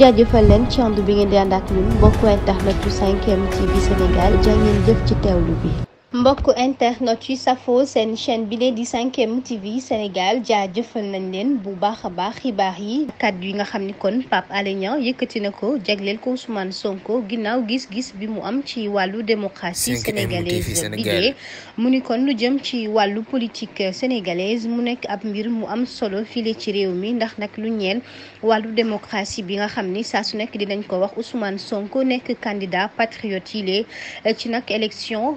jaajëfal leen ci ànd bi ngeen di ànd ak ñun mbokk internet bu 5M TV Sénégal jaa ngeen jëf ci teewlu bi. mbokk internet yi safoo seen chaine bi leen di 5M TV Sénégal jëfal nañ leen bu baax a baax xibaar yi kàddu yi nga xam ni kon Pape Alé Niang yëkkati na ko jagleel ko Ousmane Sonko ginnaaw gis-gis bi mu am ci wàllu démocratie sénégalaise bi mu ni kon lu jëm ci wàllu politique sénégalaise mu nekk ab mbir mu am solo file ci réew mi ndax nag lu ñeel wàllu démocratie bi nga xam ni sa su nekk dinañ ko wax Ousmane Sonko nekk candidat patriote yi ci nag élection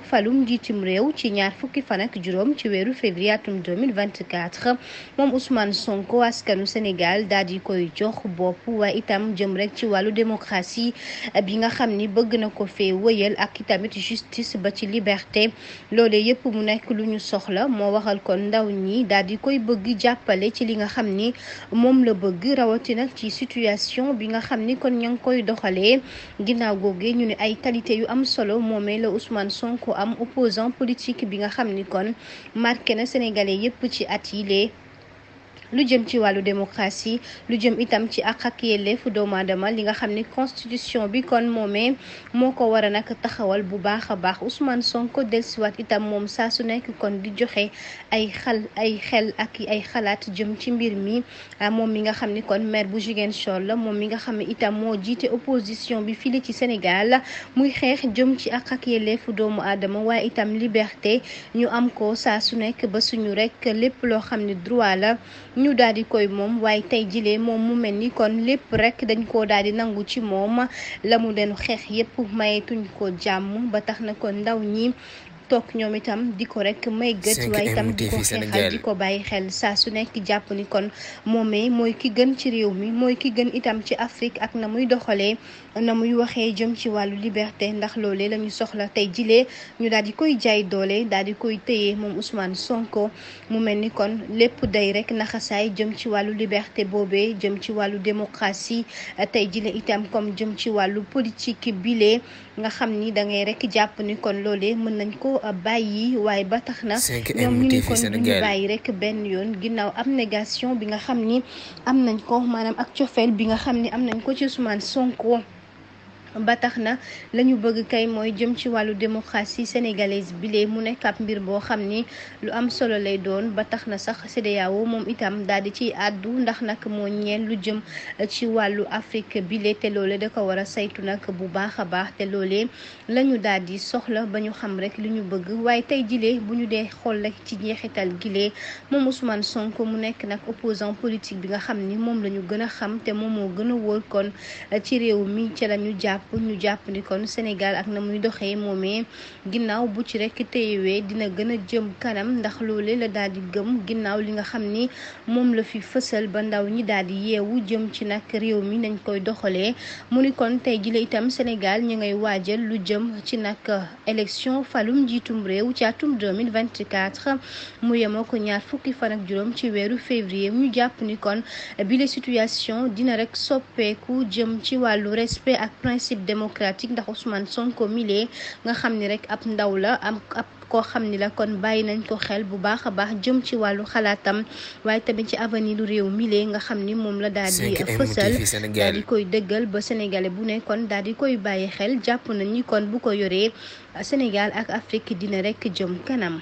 cim réew ci ñaar fukki fan ak juróom ci weeru février atum 2024 moom Ousmane Sonko askanu Sénégal daal di koy jox bopp waaye itam jëm rek ci wàllu démocratie bi nga xam ni bëgg na ko fee wëyal ak itamit justice ba ci liberté loole yëpp mu nekk lu ñu soxla moo waxal kon ndaw ñi daal di koy bëgg jàppale ci li nga xam ni moom la bëgg rawatina ci situation bi nga xam ni kon ña ngi koy doxalee ginnaaw googee ñu ne ay qualité yu am solo moomee la Ousmane Sonko am opposé opposant politique bi nga xam ni kon marqué na sénégalais yépp ci at yile lu jëm ci wàllu démocratie lu jëm itam ci àq ak yelleefu doomu aadama li nga xam ne constitution bi kon moomee moo ko war a taxawal bu baax a baax Ousmane Sonko dellusiwaat itam moom saa su nekk kon di joxe ay xal ay xel ak ay xalaat jëm ci mbir mi ah, moom mi nga xam ni kon maire bu Ziguinchor la moom mi nga xam ne itam moo jiite opposition bi fii ci Sénégal muy xeex jëm ci àq ak yelleefu doomu aadama waaye itam liberté ñu am ko saa su nekk ba suñu rek lépp loo xam ne droit la. ñu daal di koy moom waaye tey jilee moom mu mel ni kon lépp rek dañu koo daal di nangu ci moom ma la mu leen xeex yépp mayetuñ ko jàmm ba tax na ko ndaw ñi toog ñoom itam di ko rek may gët waaye itam di ko xeexal di ko bàyyi xel saa su nekk jàpp ni kon moomee mooy ki gën ci réew mi mooy ki gën itam ci Afrique ak na muy doxalee na muy waxee jëm ci wàllu liberté ndax loole la soxla tey jilee ñu daal di koy jaay doole daal di koy téye moom Ousmane Sonko mu mel ni kon lépp day rek naxasaay jëm ci wàllu liberté boobee jëm ci wàllu démocratie tey jile itam comme jëm ci wàllu politique bile nga xam ni da ko bàyyi waaye ba tax na ñoom ñu ni kon duñu bàyyi rek benn yoon ginnaaw am négation bi nga xam ni am nañ ko maanaam ak cofeel bi nga xam ni am nañ ko ci Ousmane Sonko ba tax na lañu bëgg kay mooy jëm ci wàllu démocratie sénégalaise bile mu nekk ab mbir boo xam ni lu am solo lay doon ba tax na sax CEDEAO moom itam daal di ciy àddu ndax nag moo ñeen lu jëm ci wàllu Afrique bile te loole da ko war a saytu nag bu baax a baax te loolee lañu ñu daal di soxla ba ñu xam rek li ñu bëgg waaye tey jilee bu ñu dee xool rek ci njeexital gilee moom Ousmane Sonko mu nekk nag opposant politique bi nga xam ni moom la ñu gën a xam te moom moo gën a wóor kon ci réew mi la ñu jàpp jàpp ñu jàpp ni kon Sénégal ak na muy doxee moomee ginnaaw bu ci rek téyewee dina gën a jëm kanam ndax loole la daal di gëm ginnaaw li nga xam ni moom la fi fësal ba ndaw ñi daal di yeewu jëm ci nag réew mi nañ koy doxalee mu ni kon tey jii la itam Sénégal ñu ngay waajal lu jëm ci nag élection falum njiitum réew ci atum 2024 mu yemoo ko ñaar fukki fan ak juróom ci weeru février ñu jàpp ni kon bile situation dina rek soppeeku jëm ci wàllu respect ak principe principe démocratique ndax Ousmane Sonko milee nga xam ni rek ab ndaw la am ab koo xam ni la kon bàyyi nañ ko xel bu baax a baax jëm ci wàllu xalaatam waaye tamit ci avenir réew milee nga xam ni moom la daal di fësal daal di koy dëggal ba sénégalais bu ne kon daal di koy bàyyi xel jàpp nañ ni kon bu ko yoree Sénégal ak Afrique dina rek jëm kanam